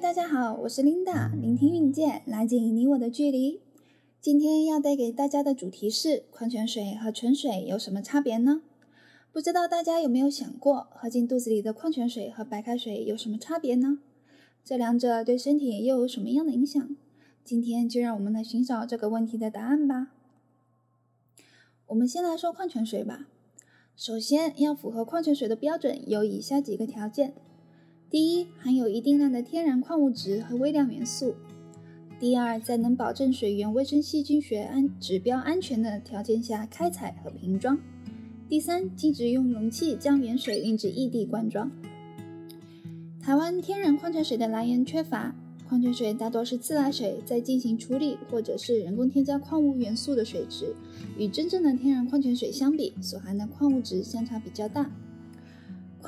大家好，我是 Linda，聆聽遇見，拉近你我的距離。今天要帶給大家的主題是：礦泉水和純水有什麼差別呢？不知道大家有沒有想過，喝進肚子裡的礦泉水和白開水有什麼差別呢？這兩者對身體又有什麼樣的影響？今天就讓我們來尋找這個問題的答案吧。我們先來說礦泉水吧，首先要符合礦泉水的標準，有以下幾個條件。第一，含有一定量的天然礦物質和微量元素；第二，在能保證水源衛生細菌學安指標安全的條件下開採和瓶裝；第三，禁止用容器將原水運至異地灌裝。台灣天然礦泉水的來源缺乏，礦泉水大多是自來水再進行處理，或者是人工添加礦物元素的水質，與真正的天然礦泉水相比，所含的礦物質相差比較大。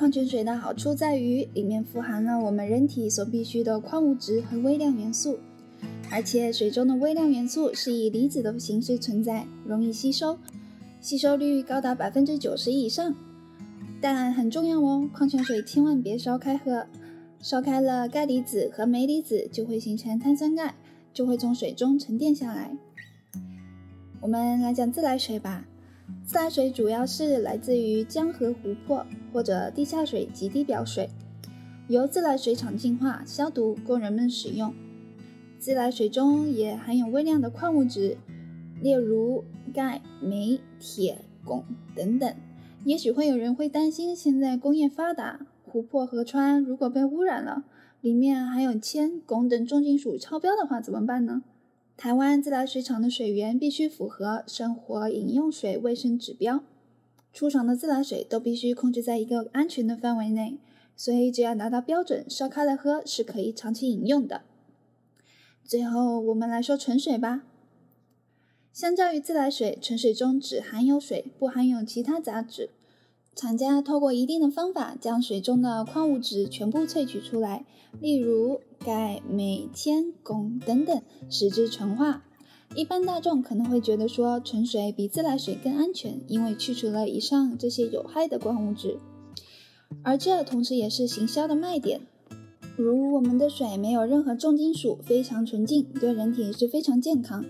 礦泉水的好處在於，裡面富含了我們人體所必需的礦物質和微量元素，而且水中的微量元素是以離子的形式存在，容易吸收，吸收率高達百分之九十以上。但很重要哦，礦泉水千萬別燒開喝，燒開了，鈣離子和鎂離子就會形成碳酸鈣，就會從水中沉澱下來。我們來講自來水吧。自來水主要是來自於江河、湖泊或者地下水及地表水，由自來水廠淨化、消毒供人們使用。自來水中也含有微量的礦物質，例如鈣、鎂、鐵、汞等等。也許會有人會擔心，現在工業發達，湖泊、河川如果被汙染了，裡面含有鉛、汞等重金屬超標的話，怎麼辦呢？台灣自來水廠的水源必須符合生活飲用水衛生指標，出廠的自來水都必須控制在一個安全的範圍內，所以只要達到標準，燒開了喝是可以長期飲用的。最後，我們來說純水吧。相較於自來水，純水中只含有水，不含有其他雜質。廠家透過一定的方法將水中的礦物質全部萃取出來，例如鈣、鎂、鉛、汞等等，使之純化。一般大眾可能會覺得說純水比自來水更安全，因為去除了以上這些有害的礦物質，而這同時也是行銷的賣點。如我們的水沒有任何重金屬，非常純淨，對人體也是非常健康。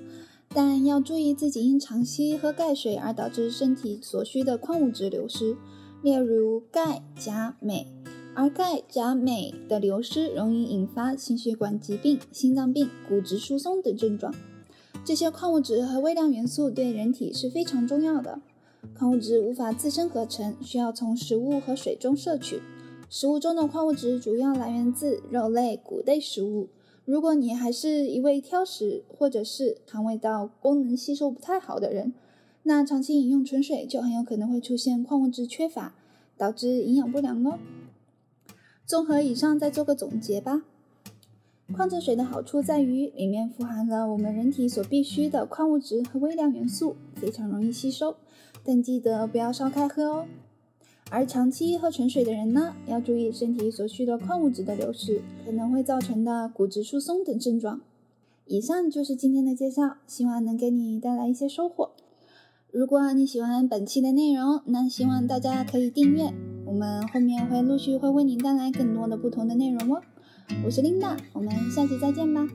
但要注意，自己因長期喝鈣水而導致身體所需的礦物質流失，例如鈣、鉀、鎂，而鈣、鉀、鎂的流失容易引發心血管疾病、心臟病、骨質疏鬆等症狀。這些礦物質和微量元素對人體是非常重要的。礦物質無法自身合成，需要從食物和水中攝取。食物中的礦物質主要來源自肉類、穀類食物。如果你還是一位挑食或者是腸胃道功能吸收不太好的人，那長期飲用純水就很有可能會出現礦物質缺乏，導致營養不良哦。綜合以上，再做個總結吧。礦泉水的好處在於裡面富含了我們人體所必需的礦物質和微量元素，非常容易吸收。但記得不要燒開喝哦。而長期喝純水的人呢，要注意身體所需的礦物質的流失，可能會造成的骨質疏鬆等症狀。以上就是今天的介紹，希望能給你帶來一些收穫。如果你喜歡本期的內容，那希望大家可以訂閱，我們後面會陸續會為你帶來更多的不同的內容哦。我是琳達，我們下期再見吧。